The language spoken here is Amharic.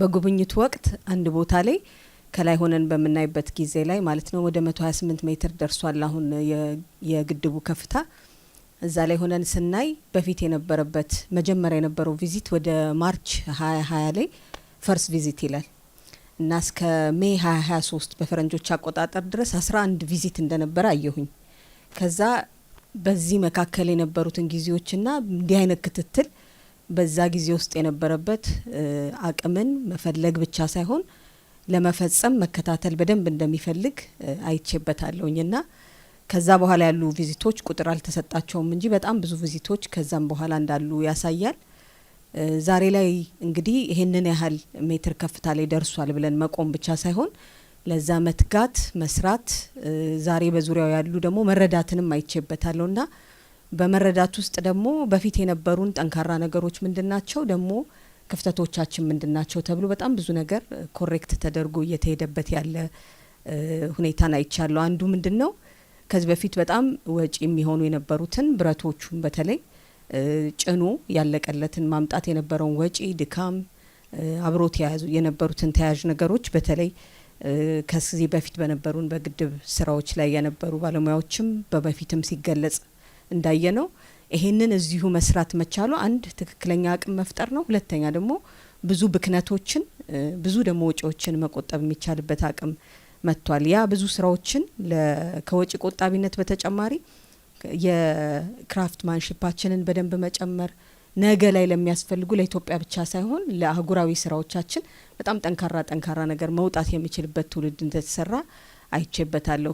በጉብኝቱ ወቅት አንድ ቦታ ላይ ከላይ ሆነን በምናይበት ጊዜ ላይ ማለት ነው ወደ 128 ሜትር ደርሷል አሁን የግድቡ ከፍታ። እዛ ላይ ሆነን ስናይ በፊት የነበረበት መጀመሪያ የነበረው ቪዚት ወደ ማርች 2020 ላይ ፈርስ ቪዚት ይላል እና እስከ ሜይ 2023 በፈረንጆች አቆጣጠር ድረስ 11 ቪዚት እንደነበረ አየሁኝ። ከዛ በዚህ መካከል የነበሩትን ጊዜዎችና እንዲህ አይነት ክትትል በዛ ጊዜ ውስጥ የነበረበት አቅምን መፈለግ ብቻ ሳይሆን ለመፈጸም መከታተል በደንብ እንደሚፈልግ አይቼበታለሁኝ እና ከዛ በኋላ ያሉ ቪዚቶች ቁጥር አልተሰጣቸውም እንጂ በጣም ብዙ ቪዚቶች ከዛም በኋላ እንዳሉ ያሳያል። ዛሬ ላይ እንግዲህ ይህንን ያህል ሜትር ከፍታ ላይ ደርሷል ብለን መቆም ብቻ ሳይሆን ለዛ መትጋት መስራት፣ ዛሬ በዙሪያው ያሉ ደግሞ መረዳትንም አይቼበታለሁ ና በመረዳት ውስጥ ደግሞ በፊት የነበሩን ጠንካራ ነገሮች ናቸው፣ ደግሞ ክፍተቶቻችን ምንድናቸው ተብሎ በጣም ብዙ ነገር ኮሬክት ተደርጎ እየተሄደበት ያለ ሁኔታን አይቻለሁ። አንዱ ምንድን ነው ከዚህ በፊት በጣም ወጪ የሚሆኑ የነበሩትን ብረቶቹን በተለይ ጭኖ ያለቀለትን ማምጣት የነበረውን ወጪ፣ ድካም አብሮ ተያያዙ የነበሩትን ተያዥ ነገሮች በተለይ ከዚህ በፊት በነበሩን በግድብ ስራዎች ላይ የነበሩ ባለሙያዎችም በበፊትም ሲገለጽ እንዳየ ነው ይሄንን እዚሁ መስራት መቻሉ አንድ ትክክለኛ አቅም መፍጠር ነው። ሁለተኛ ደግሞ ብዙ ብክነቶችን ብዙ ደግሞ ወጪዎችን መቆጠብ የሚቻልበት አቅም መጥቷል። ያ ብዙ ስራዎችን ከወጪ ቆጣቢነት በተጨማሪ የክራፍት ማንሽፓችንን በደንብ መጨመር ነገ ላይ ለሚያስፈልጉ ለኢትዮጵያ ብቻ ሳይሆን ለአህጉራዊ ስራዎቻችን በጣም ጠንካራ ጠንካራ ነገር መውጣት የሚችልበት ትውልድ እንደተሰራ አይቼበታለሁ።